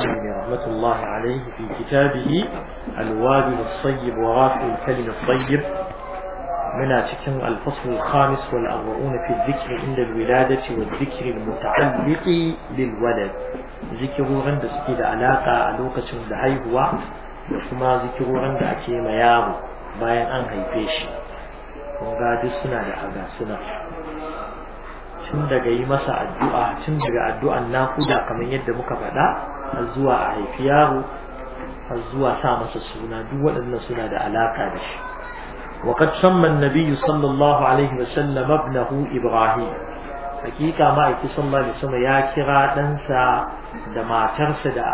القيم رحمة الله عليه في كتابه الوابل الصيب وغافل الكلم الطيب من أتكم الفصل الخامس والأربعون في الذكر عند الولادة والذكر المتعلق للولد ذكر عند سكيد علاقة علاقة دهي هو وكما ذكر عند أكيم يارو باين أن هيفيش ونقاد سنة لأبا سنة tun daga yi masa addu'a tun daga addu'an nakuda kamar yadda muka faɗa har zuwa a haifi yaro har zuwa sa masa suna duk waɗannan suna da alaƙa da shi وقد سمى النبي صلى الله عليه وسلم ابنه إبراهيم hakika ma'aiki sallallahu alaihi wasallam ya kira ɗansa da matarsa da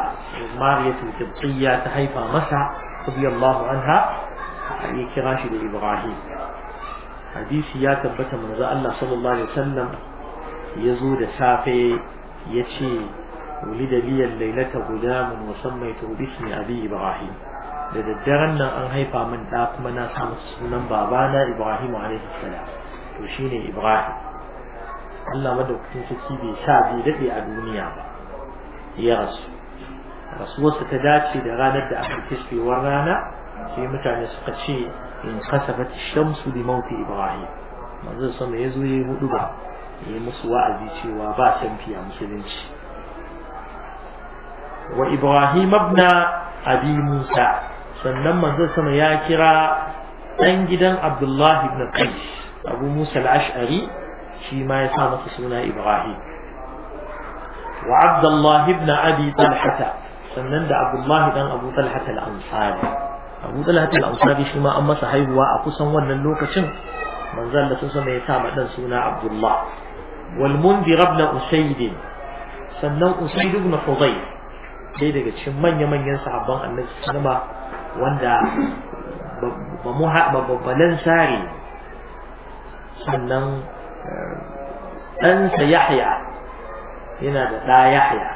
Mariyatu Kibtiyya ta haifa masa radiyallahu anha ya kira shi da Ibrahim hadisi ya tabbata manzo Allah sallallahu alaihi wasallam ya zo da safe ya ce ولد لي الليلة غلام وسميته باسم أبي إبراهيم da daddaren nan an haifa min ɗa kuma na samu sunan babana Ibrahim alaihi to shine Ibrahim Allah madaukakin sarki bai sa bai daɗe a duniya ba ya rasu rasuwarsa ta dace da ranar da aka kishewar rana sai mutane suka ce in kasafat shamsu bi mauti Ibrahim manzo sama yazo yayi hudu ba yayi musu wa'azi cewa ba sanfi a musulunci wa ibrahim ibn abi musa sannan manzo sama ya kira dan gidan abdullahi ibn qais abu musa al-ash'ari shi ma ya sa masa suna ibrahim wa abdullahi ibn abi talhata sannan da abdullahi dan abu talhata al-ansari abu talhata al-ansari shi ma an masa haihuwa a kusan wannan lokacin manzon da sun sama ya sa ma dan suna abdullah wal mundhir ibn usayd sannan usayd ibn hudayr ɗaya daga cikin manya-manyan sahabban annabi sallama wanda ba babbalan sare sannan eh, ɗansa yahya yana da ɗa yahya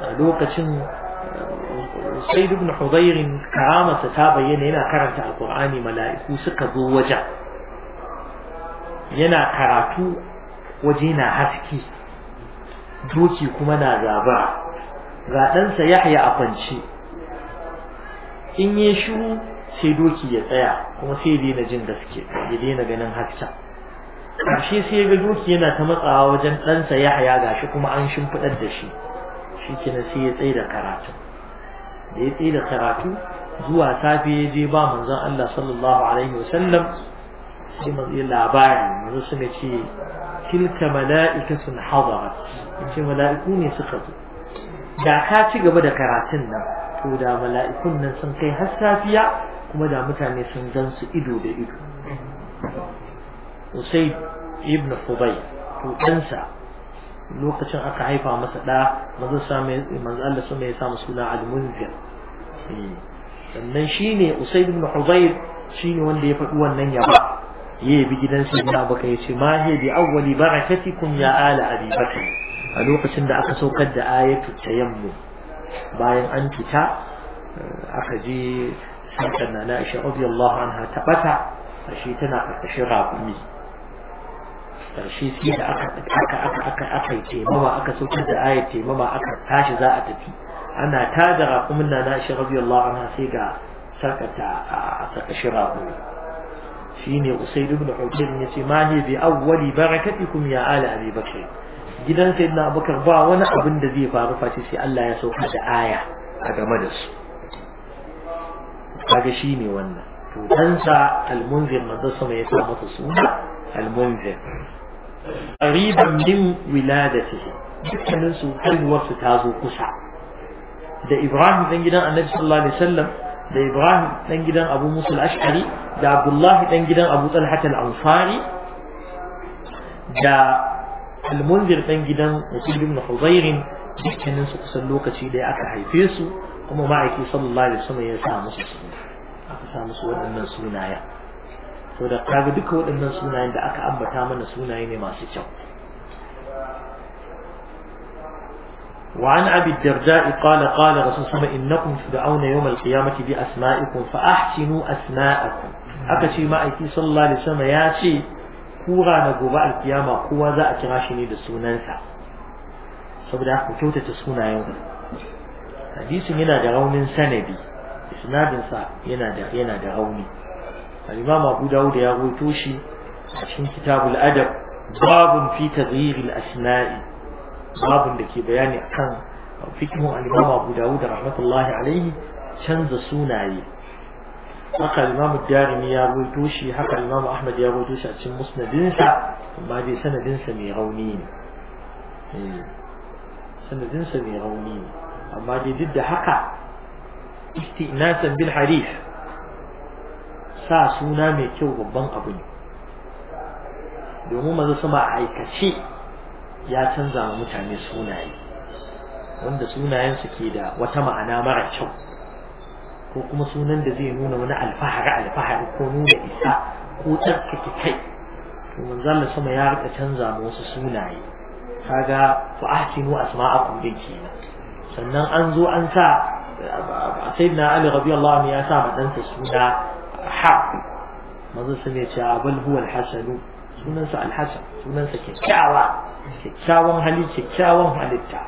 a lokacin eh, sai ibn hudairin karamarsa ta bayyana yana karanta alkur'ani mala'iku suka zo wajen yana karatu waje na haske doki kuma na zabara ga ɗansa Yahya a kwance in ya shiru sai doki ya tsaya kuma sai ya daina jin gaske ya daina ganin haska shi sai ya ga doki yana ta matsawa wajen ɗansa Yahya gashi kuma an shimfiɗar da shi shi kenan sai ya tsaye da karatu da ya tsaye da karatu zuwa safe ya je ba manzon Allah sallallahu alaihi wasallam sai manzo labari manzo suna ce tilka mala'ikatun hadarat ce mala'iku ne suka zo da ka ci gaba da karatun nan to da mala'ikun nan sun kai har safiya kuma da mutane sun gan su ido da ido Usaid ibn Fudayl to ɗansa lokacin aka haifa masa ɗa manzo same manzo Allah sun ya samu suna al-munzir eh, sannan shine Usaid ibn shi shine wanda ya faɗi wannan yaba ya bi gidan ya baka ya ce ma hiya bi awwali barakatikum ya ala Abi Bakr a lokacin da aka saukar da ayatu tayammu bayan an fita eh, aka je sarkar na na Aisha radiyallahu anha ta bata ashe tana a karkashin rakumi ƙarshe sai da aka aka aka aka aka taimama aka saukar da ayat taimama aka tashi za a tafi ana tada rakumin na na Aisha an ha sai ga sarkar ta a karkashin rakumi ne Usaid ibn Hudayr ne ce ma hi bi awwali barakatikum ya ala Abi Bakr gidan sayyidina abubakar ba wani abin da zai faru face sai Allah ya sauka da aya a game da su kaga shine wannan to dan sa al-munzir manzo sama ya sa masa suna al-munzir qariban min wiladatihi dukkanin su haihuwar su ta zo kusa da Ibrahim dan gidan Annabi sallallahu alaihi wasallam da Ibrahim dan gidan Abu Musul al-Ash'ari da Abdullah dan gidan Abu Talha al-Ansari da almunzir munzir dan gidan usul ibn hudayr dukkanin su kusan lokaci da aka haife su kuma ma'aiki sallallahu alaihi wasallam ya sa musu suna aka sa musu waɗannan sunaye to da kaga duka waɗannan sunayen da aka ambata mana sunaye ne masu kyau وعن أبي الدرداء قال قال رسول الله إنكم تدعون يوم القيامة بأسمائكم فأحسنوا أسماءكم أكشي ما أيتي صلى الله عليه وسلم يا kura na gobe alkiyama kowa za a kira shi ne da sunansa saboda aka kyautata sunayen hadisin yana da raunin sanadi isnadinsa yana da yana da rauni al-imam Abu Dawud ya rawaito shi a cikin kitabul adab babun fi tadhir al-asma'i babun da ke bayani kan fikihu al-imam Abu Dawud rahmatullahi alaihi canza sunaye haka imamu jarumi ya rubuto shi haka imamu ahmad ya rubuto shi a cikin musnadinsa amma dai sanadinsa mai rauni ne eh, sanadinsa mai rauni ne amma dai duk da haka istinasan bil hadith sa suna mai kyau babban abu ne domin maza sama a aikace ya canza wa mutane sunaye wanda sunayensu ke da wata ma'ana mara kyau ko kuma sunan da zai nuna wani alfahari alfahari ko nuna isa ko tsarkake kai to manzon sama ya rika canza wasu sunaye kaga fa ahsinu asma'akum din kenan sannan an zo an sa sayyidina ali radiyallahu anhu ya sa madansa suna ha manzon sama ya ce abul ah, huwa alhasanu sunansa alhasan sunansa kyakkyawa kyakkyawan hali kyakkyawan halitta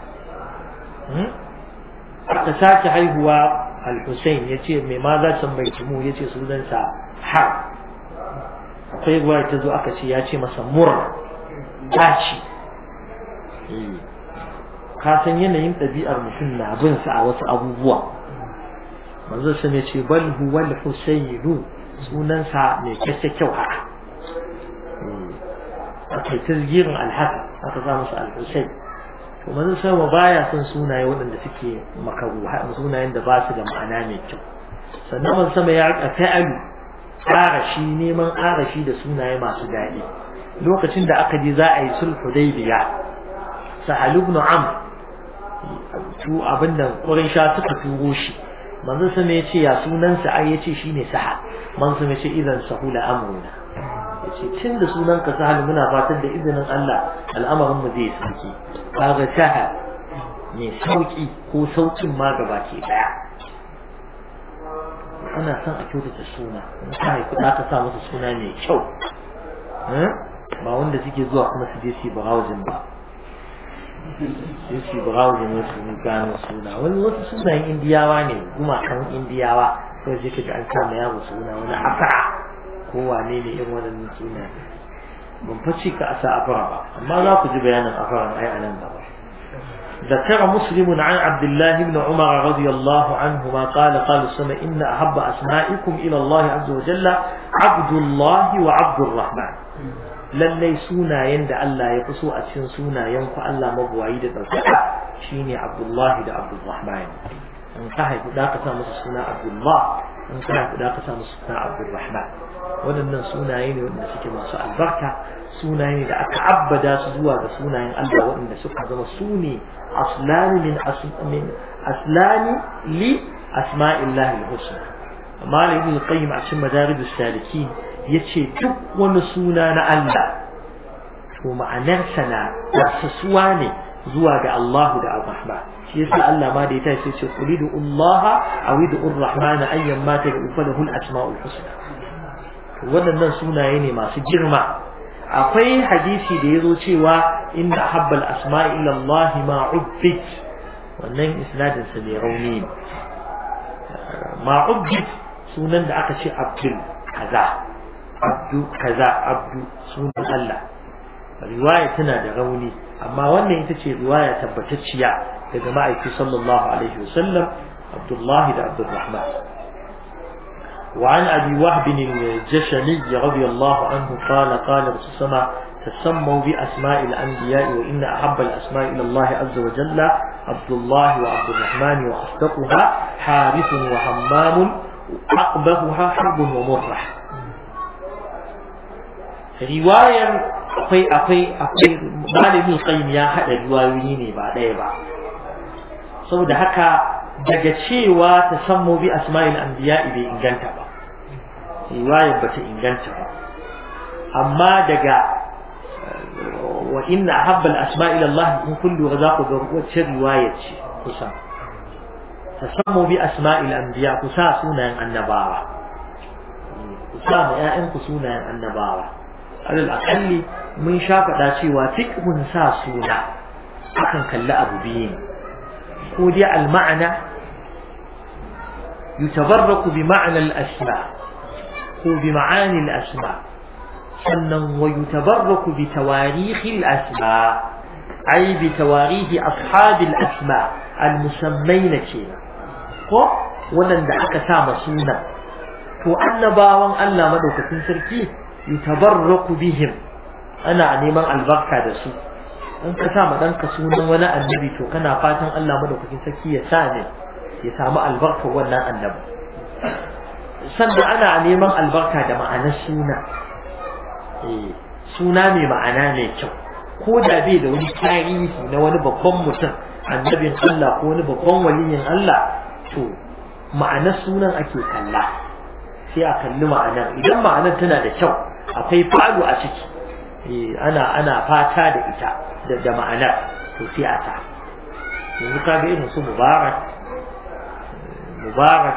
hmm? aka sake haihuwa al-Hussein ya ce mai ma za su bai tumu ya ce sunansa har akwai ruwa ta zo aka ce ya ce masa mur daci hmm. ka san yanayin ɗabi'ar mutum na bin sa a wasu abubuwa manzo sun ya ce bal huwa al hussein sunansa mai kyakkyau haka hmm. kai tasgirin al-Hasan aka za masa al hussein to manzon sama baya son sunaye waɗanda suke makaru sunayen da ba su da ma'ana mai kyau sannan manzon sama ya rika fa'alu arashi neman arashi da sunaye masu daɗi lokacin da aka je za a yi sulhu daibiya sahal ibn am, tu abinda ƙurin sha suka turo shi manzon sama ya ce ya sunansa ai ya ce shine sahal manzon sama ya ce idan sahula amruna ce tun da sunan ka sahal muna fatan da izinin Allah al'amarin mu zai sauki kaga shaha mai sauki ko saukin ma ga ke daya ana son a kyautata suna ka haifi ka sa masa suna mai kyau eh? ba wanda suke zuwa kuma su je su browsing ba sai su browsing ne su gano suna wani wasu sunayen indiyawa ne gumakan indiyawa sai je ka ga an sa ma yaro suna wani afara ko wane ne irin waɗannan suna ban faci ka a sa afara ba amma za ku ji bayanin afaran ai a nan gaba ذكر مسلم عن عبد الله بن عمر رضي الله عنهما قال قال السماء إن أحب أسمائكم إلى الله عز وجل عبد الله وعبد الرحمن lallai sunayen da Allah ya fi so a cikin sunayen ku Allah mabuwayi da ɗaukaka shine Abdullahi da Abdulrahman in ka haifi da sa musu suna Abdullah in kana kuda ka samu suna abdurrahman waɗannan sunaye ne waɗanda suke masu albarka sunaye ne da aka abbada su zuwa ga sunayen Allah waɗanda suka zama su ne aslani min aslani li asma'illah al-husna amma ibn qayyim a cikin madarij as-salikin yace duk wani suna na Allah to ma'anarsa na wasasuwa ne zuwa ga Allah da al rahman shi yasa Allah ma da ya tashi ce qulidu Allah aw idu Ar-Rahman ayyan ma tad'u falahu al-asma'ul husna wannan sunaye ne masu girma akwai hadisi da yazo cewa inna habbal asma'i ila Allah ma ubbit wannan isnadin sa ne rauni ne ma ubbit sunan da aka ce Abdul kaza Abdu kaza Abdu sunan Allah riwaya tana da rauni amma wannan ita ce riwaya tabbatacciya daga ma'aiki sallallahu alaihi wasallam Abdullah da abdurrahman وعن أبي وهب الجشني رضي الله عنه قال قال رسول الله تسموا بأسماء الأنبياء وإن أحب الأسماء إلى الله عز وجل عبد الله وعبد الرحمن وأصدقها حارث وحمام أقبهها حرب ومرة رواية akwai akwai akwai malamin qayyim ya hada riwayoyi ne ba ɗaya ba saboda haka daga cewa ta san sammo bi asma'il biya bai inganta ba riwayar bata inganta ba amma daga wa inna a al-asma' ila Allah in kullu ga zaku ga wacce riwaya ce kusa tasammu bi asma'il biya kusa sunayen annabawa kusa ma ƴaƴan ku sunayen annabawa alal aqalli mun sha faɗa cewa fiqhun sa suna akan kalli abu biyu ne ko dai al-ma'ana yutabarraku bi ma'na al-asma ko bi ma'ani al-asma sannan wa yutabarraku bi tawarikh al-asma ay bi tawarikh ashab al-asma al-musammayna kenan ko wannan da aka sa masuna to annabawan Allah madaukakin sarki yutabarraku bihim ana neman albarka da su in ka sa ma ɗanka sunan wani annabi to kana fatan Allah madaukakin sarki ya sa ne ya samu albarkar wannan annabi sannan ana neman albarka da ma'anar suna eh, suna mai ma'ana mai kyau ko da bai da wani tarihi na wani babban mutum annabin Allah ko wani babban waliyin Allah to ma'anar sunan ake kalla sai a kalli ma'anar idan ma'anar tana da kyau akwai falo a ciki Eh, ana ana fata da ita da da ma'anar to sai a ta yanzu ka ga irin su mubarak mubarak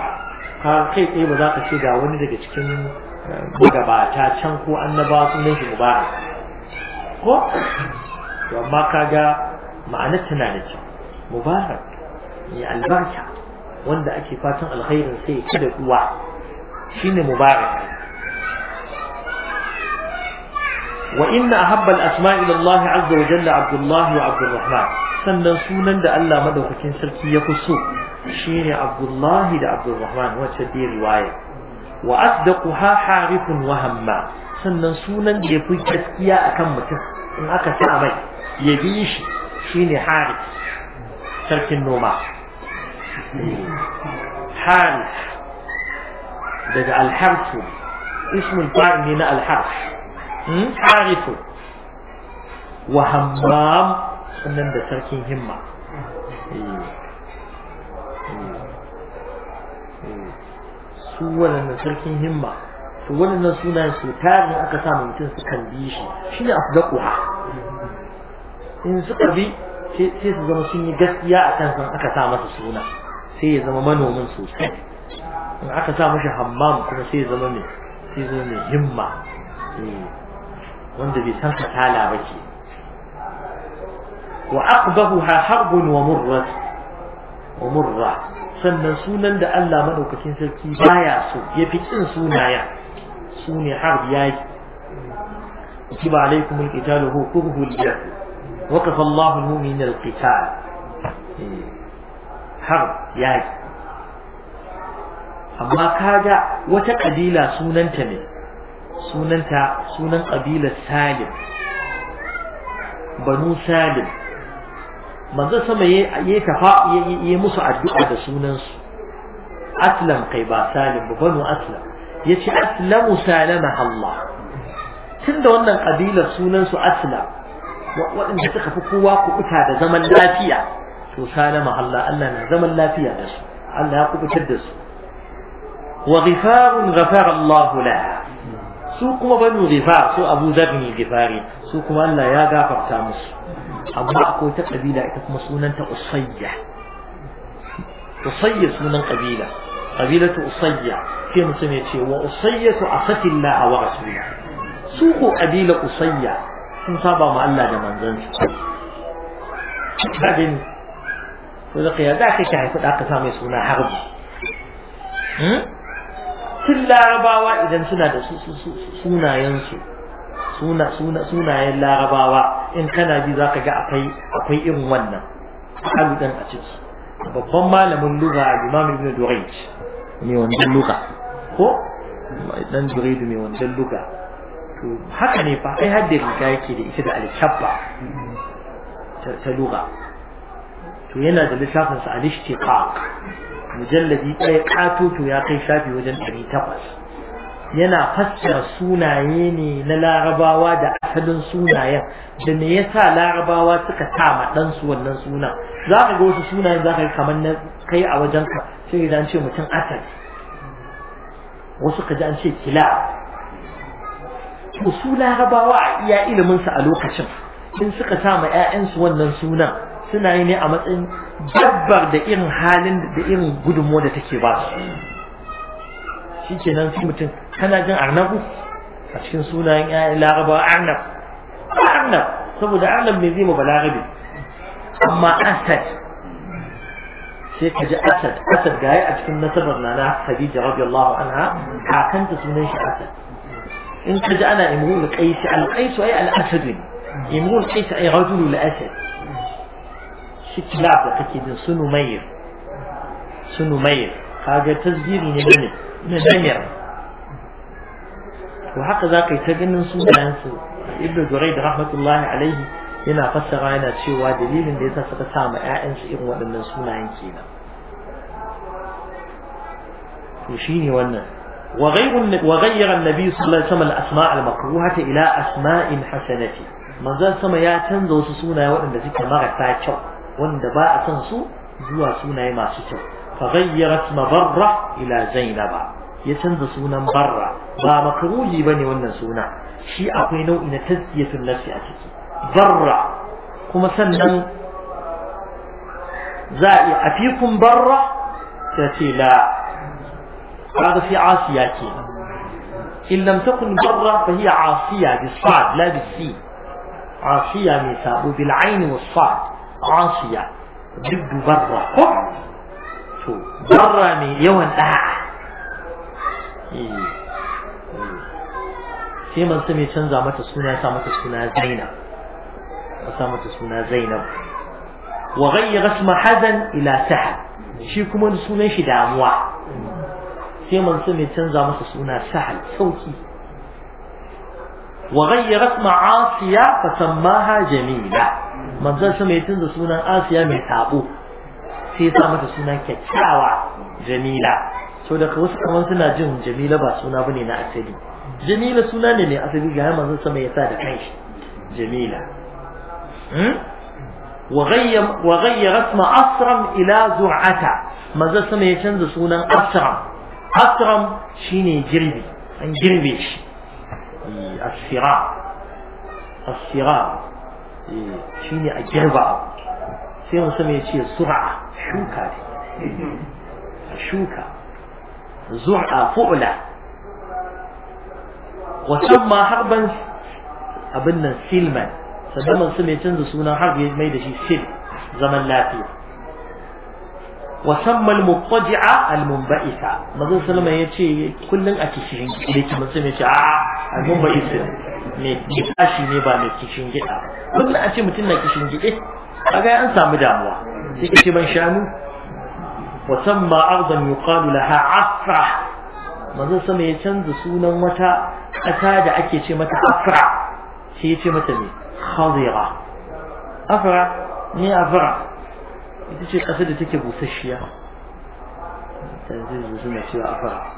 ka kai tsaye ba za ka ce ga wani daga cikin eh, gabata can ko annaba sunan shi mubarak ko to amma ka ga ma'anar tana da kyau mubarak mai albarka wanda ake fatan alkhairin sai kada uwa shine mubarak wa inna ahabbal asma'i lillahi azza wa abdullahi wa abdurrahman sannan sunan da Allah madaukakin sarki ya fi so shine abdullahi da abdurrahman wacce dai riwaya wa asdaquha harifun wa hamma sannan sunan da ya gaskiya akan mutum in aka sa mai ya bi shi shine harif sarkin noma harif daga alharfu ismul fa'il ne na alharf عارف وهمام سنن ده سركين همة سوال ان همة سوال ان سنان سوكار من اكا سامن متن سكن بيشي شنو افضقها ان سكبي سي سيزم سيني غسيا اكن سن اكا سامن سونا سي زما منو من سوكار من wanda bai san kasala ba ke wa aqbahuha harbun wa murrat wa murra sannan sunan da Allah madaukakin sarki baya so ya fi kin sunaya sune harb yaki kutiba alaikum alqitalu huwa kurhu liyakum wa kafa Allahu almu'minina alqital eh, harb yaki amma kaga wata kabila sunanta ne sunanta sunan ƙabilar salim banu salim manzo sama ya kafa ya musu addu'a da sunansu aslam kai ba salim ba banu aslam ya ce aslamu salama Allah tun da wannan ƙabilar sunansu aslam waɗanda suka fi kowa kuɓuta da zaman lafiya to salama Allah Allah na zaman lafiya da su Allah ya kuɓutar da su wa ghifarun ghafara Allah laha su kuma banu gifar su abu zarni gifari su kuma Allah ya gafarta musu amma akwai ta ƙabila ita kuma sunanta usayya usayya sunan ƙabila, kabilatu usayya sai mutum ya ce wa a asatillah wa rasulih su ko ƙabila usayya sun saba ma Allah da manzansa kadin ko da ya da kake haifi da aka samu suna harbi hmm? tun larabawa idan suna da sunayensu sunayen larabawa in kana bi za ka ga akwai irin wannan aludan a ciki babban malamin lura al-imam ibn durayj mai wandan lura ko dan durayj mai wandan lura to haka ne fa ai haddin riga yake da ita da al ta lura to yana da littafin sa al-ishtiqaq mujalladi ɗaya ƙatoto ya kai shafi wajen ɗari takwas yana fassara sunaye ne na larabawa da asalin sunayen da me yasa larabawa suka sa ma ɗansu wannan sunan za ka ga wasu sunayen za ka yi kamar na kai a wajen ka sai idan ce mutum asal wasu ka ji an ce kila to su larabawa a iya iliminsu a lokacin in suka sa ma 'ya'yansu wannan sunan suna yi ne a matsayin dabbar da irin halin da irin gudunmu da take ba shi ke nan sai mutum kana jin arnabu a cikin sunayen ‘ya'yan laraba arnab arnab saboda arnab mai zai ma balarabe amma asad sai ka ji asad asad gaya a cikin nasabar nana khadija radiyallahu anha kakanta sunan shi asad in ka ji ana imrul qais al qais ay al asad imrul qais ay rajul al asad ست لاقة كتير سنو مير سنو مير هذا تزبير من من مير وحق ذاك يتجن سنو أنس ابن جريد رحمة الله عليه هنا قصة غاينة شيء ودليل من ديتا سقسام أنس إغوى من سنو أنسينا يشيني وانا وغير وغير النبي صلى الله عليه وسلم الاسماء المكروهه الى اسماء حسنه ما زال سما يا wanda ba a son su zuwa sunaye masu kyau faghayyarat mabarra ila zainaba ya canza sunan barra ba makruhi bane wannan suna shi akwai nau'i na tazkiyatun nafsi a ciki barra kuma sannan za a iya afikun barra ta ce la kaga fi asiya ke in lam takun barra fa hiya asiya bi sad la bi si asiya mai sabu bil aini was sad عاصية جد برا شو برا مي يوان اه في من سمي تنزع ما تسكنا سامة تسكنا زينب سامة تسكنا زينب وغير اسم حزن إلى سحب شي كما نسكنا شي داموا في من سمي تنزع ما تسكنا سحب صوتي وغير اسم عاصية فسماها جميلة manzon sama ya canza sunan asiya mai taɓo sai ya sa mata suna kyakkyawa jamila so daga wasu kamar suna jin jamila ba suna bane na asali jamila suna ne mai asali ga zan sama ya sa da kanshi jamila hmm? rasma وغير اسم أسرم إلى زرعة ماذا سمى يتنزل Asram أسرم أسرم شيني an girbe shi. Asira. Asira. shine a girba sai musu mai ce sur'a shuka ne shuka wasan ma abin nan silman sannan su mai canza sunan har ya mai da shi sil zaman lafiya وسمى المضطجعة المنبئسة مزون سلمة يتشي كل أكشين ليك مسلم يتشي آه المنبئسة mai tashi ne ba mai kishin gida kullum a ce mutum na kishin gide kaga an samu damuwa sai kace ban shanu wa samma ardan yuqalu laha afra manzo sama ya canza sunan wata ƙasa da ake ce mata afra sai ya ce mata ne khadira afra ni afra ita ce kasa da take busasshiya ta zai zo suna cewa afra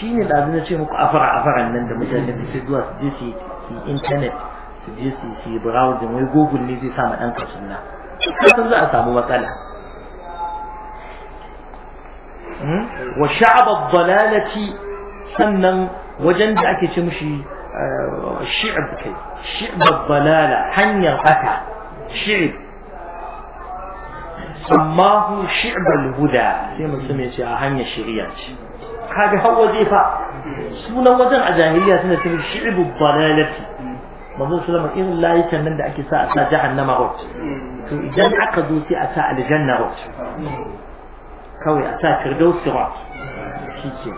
shine da na ce muku afara afaran nan da mutane da su zuwa su je su yi internet su je su yi browsing wai google ne zai sama ɗanka suna kasan za a samu matsala wa sha'ab dalalati sannan wajen da ake ce mushi shi'ab kai shi'ab dalala hanyar bata shi'ab hu sammahu al huda sai mutum ya ce a hanyar shari'a ce كاجا هو وظيفة سونا وزن أزاهية سنة تبقى شعب الضلالة مظلو سلام إن الله يكن من دعك ساعة ساعة جهنم غوت جمع قدوسي أساء لجنة غوت كوي أساء كردوس غوت شيكي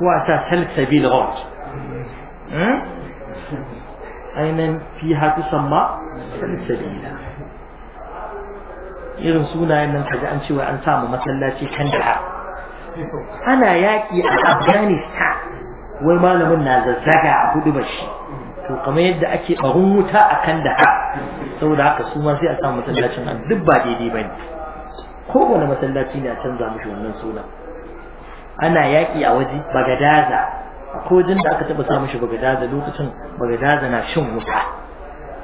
هو أساء سلك سبيل غوت أي فيها تسمى سلك سبيل إرسونا إن الحاجة أنشي وأنسام مثل التي كندها ana yaƙi a afghanistan wai malamin na zazzaga a hudu bashi to kamar yadda ake barin wuta a kan da saboda haka su ma sai a samu masallacin a duk ba daidai ba ne kowane masallaci ne a canza mishi wannan suna ana yaƙi a waje bagadaza a kojin da aka taɓa sa mishi bagadaza lokacin bagadaza na shin wuta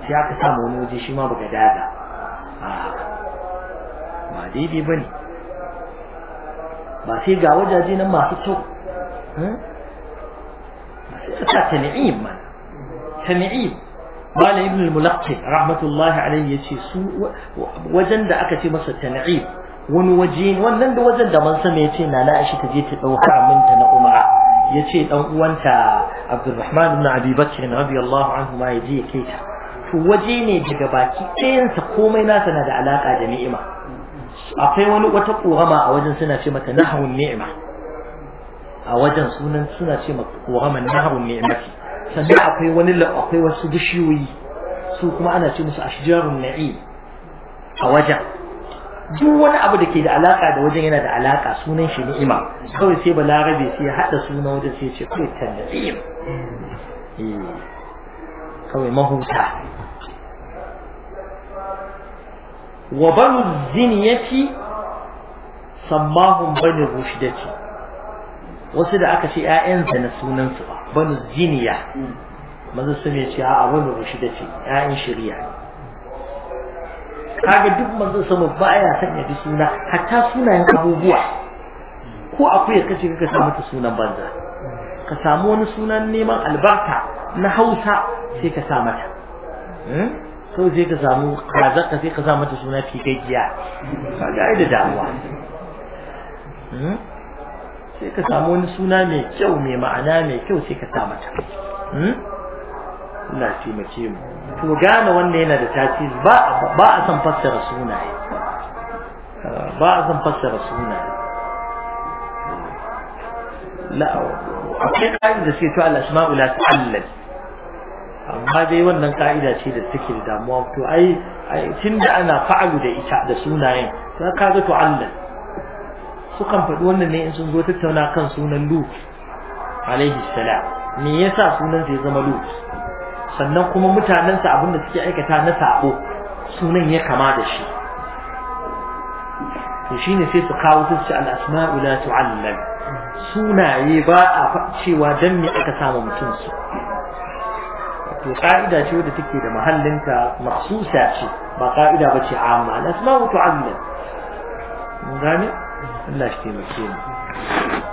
sai aka samu wani waje shi ma bagadaza ba daidai ba ne ba sai ga wajaje nan masu kyau ta hmm? tan'im ma Ba mala ibn al-mulaqqi rahmatullahi alayhi yace su wajen da aka ce masa tan'im wani waje wannan da wajen da man sama yace nana ashi ta je ta dauka minta na umara yace ɗan uwanta Abdulrahman ibn Abi Bakr anhu ma ya kai ta to waje ne daga baki ɗayansa komai nasa na da alaka da ni'ima akwai wani wata ƙorama a wajen suna ce mata nahawun ni'ima a wajen sunan suna ce mata ƙoraman nahawun ni'imati sannan akwai wani akwai wasu bishiyoyi su kuma ana ce musu ashjarun na'i a wajen duk wani abu da ke da alaka da wajen yana da alaka sunan shi ni'ima kawai sai balarabe sai ya haɗa sunan wajen sai ce kawai tallafin eh, kawai mahuta wa banu ziniyati sammahum banu rushdati wasu da aka ce ƴaƴansa na sunansu ba banu ziniya maza su ne ce a banu rushdati ƴaƴan shari'a kaga duk manzo ba baya sanya da suna hatta sunayen abubuwa ko akwai kace kaka samu ta sunan banza ka samu wani sunan neman albarka na Hausa sai ka sa mata hmm? so je ka samu kaza sai ka sa mata suna fikakkiya ka ga da damuwa hmm? sai ka samu wani suna mai kyau mai ma'ana mai kyau sai ka sa mata hmm? Allah taimake mu to gane wannan yana da tasiri ba a san fassara sunaye ba a san fassara suna. la akwai ƙa'ida sai to al-asma'u la ta'allal amma dai wannan ka'ida ce da take da damuwa to ai tunda ana fa'alu da ita da sunayen ta ga to Allah sukan faɗi wannan ne in sun zo tattauna kan sunan Lut alaihi salam me yasa sunan ya zama Lut sannan kuma mutanensa abinda suke aikata na sabo sunan ya kama da shi to shine sai su kawo su ce al-asma'u la tu'allam sunaye ba a cewa dan me aka samu mutum su to ka'ida ce wadda take da mahallinta maksusa ce ba ka'ida ba ce amma al-asma'u tu'ammil mun Allah shi taimake mu